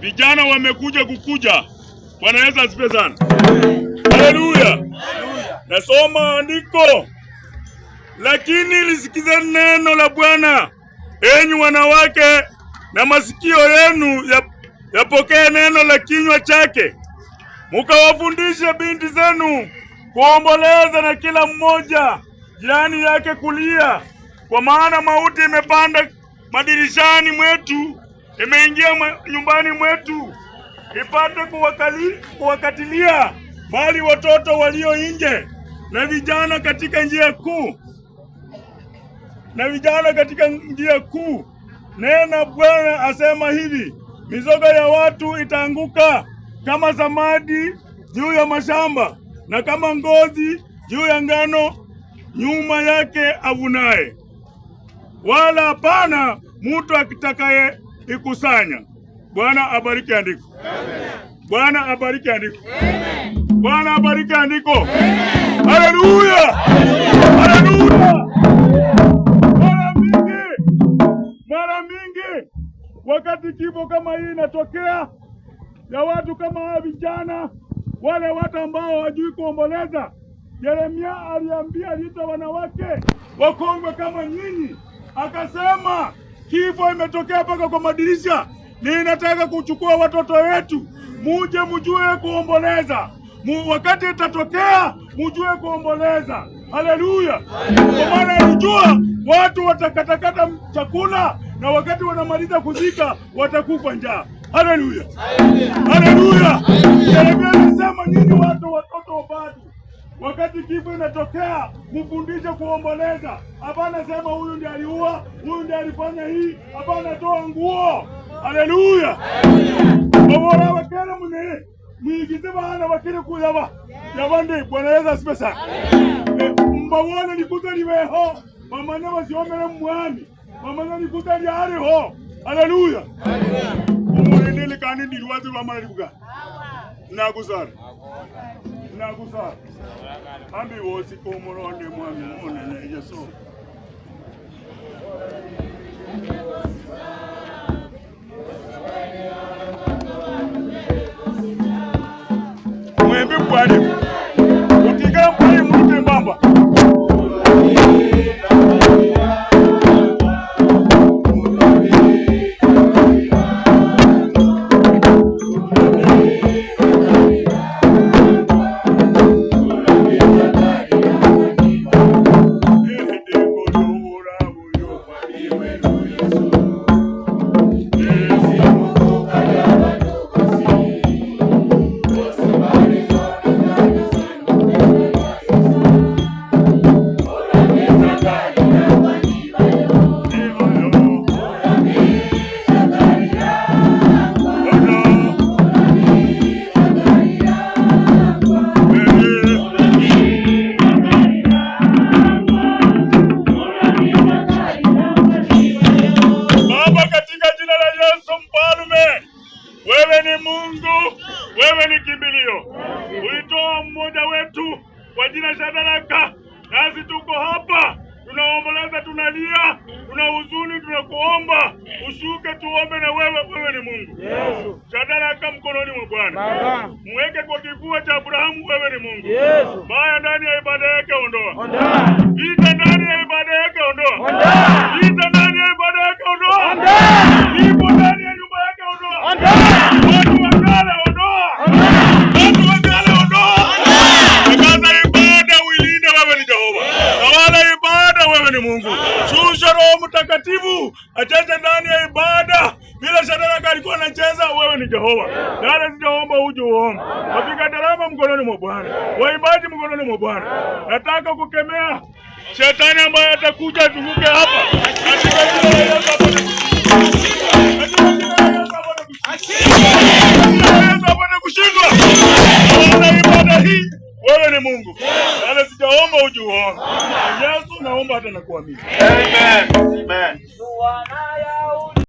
Vijana wamekuja kukuja. Bwana Yesu asifiwe sana. Haleluya. Nasoma andiko, lakini lisikize neno la Bwana enyi wanawake, na masikio yenu yapokee neno la kinywa chake, mukawafundishe binti zenu kuomboleza na kila mmoja jirani yake kulia, kwa maana mauti imepanda madirishani mwetu imeingia nyumbani mwetu ipate kuwakali, kuwakatilia mbali watoto walio nje na vijana katika njia kuu na vijana katika njia kuu. Nena Bwana asema hivi, mizoga ya watu itaanguka kama samadi juu ya mashamba na kama ngozi juu ya ngano nyuma yake avunaye, wala hapana mtu akitakaye ikusanya. Bwana abariki andiko. Bwana abariki andiko. Bwana abariki andiko. Haleluya, haleluya. Mara mingi, mara mingi, wakati kifo kama hii inatokea ya watu kama hawa vijana, wale watu ambao hawajui kuomboleza, Yeremia aliambia aliita wanawake wakongwe kama nyinyi, akasema kifo imetokea mpaka kwa madirisha. Ninataka kuchukua watoto wetu, muje mjue kuomboleza Mu, wakati itatokea mjue kuomboleza. Haleluya! Kwa maana ujua watu watakatakata chakula na wakati wanamaliza kuzika watakufa njaa. Haleluya, haleluya! Yeremia anasema nyinyi watu watoto Wakati kifo inatokea mfundishe kuomboleza. Hapana sema huyu ndiye aliua, huyu ndiye alifanya hii. Hapana, toa nguo. Haleluya, bobora wakera mune mwigize vana vakiri kuyava yavandi Bwana Yesu asifiwe sana. Eh, Mbawona nikuta liveho vamanya vasyomele mwami vamanya nikuta liareho. Haleluya, umulindile kani ndiliwazi lwamala livuga nakusasa ambiwosi umurone mwami unene yeso mwembi kwaliku wewe ni kimbilio. Ulitoa mmoja wetu kwa jina Shadaraka, nasi tuko hapa tunaomboleza, tunalia, tuna huzuni, tunakuomba ushuke tuombe na wewe. Wewe ni Mungu Yesu. Shadaraka mkononi mwa Bwana, mweke kwa kifua cha Abrahamu. Wewe ni Mungu Yesu. Baya ndani ya ibada yake ondoa, vita ndani ya ibada yake ondoa. Roho Mtakatifu acheze ndani ya ibada. Bila Shadraka alikuwa anacheza, wewe ni Jehova. Dada sijaomba uje uombe. Wapiga darama mkononi mwa Bwana. Waimbaji mkononi mwa Bwana. Nataka kukemea shetani ambaye atakuja zunguke hapa. wewe ni Mungu, wala sitaomba ujuona. Yesu naomba hata nakuamini. Amen. Amen.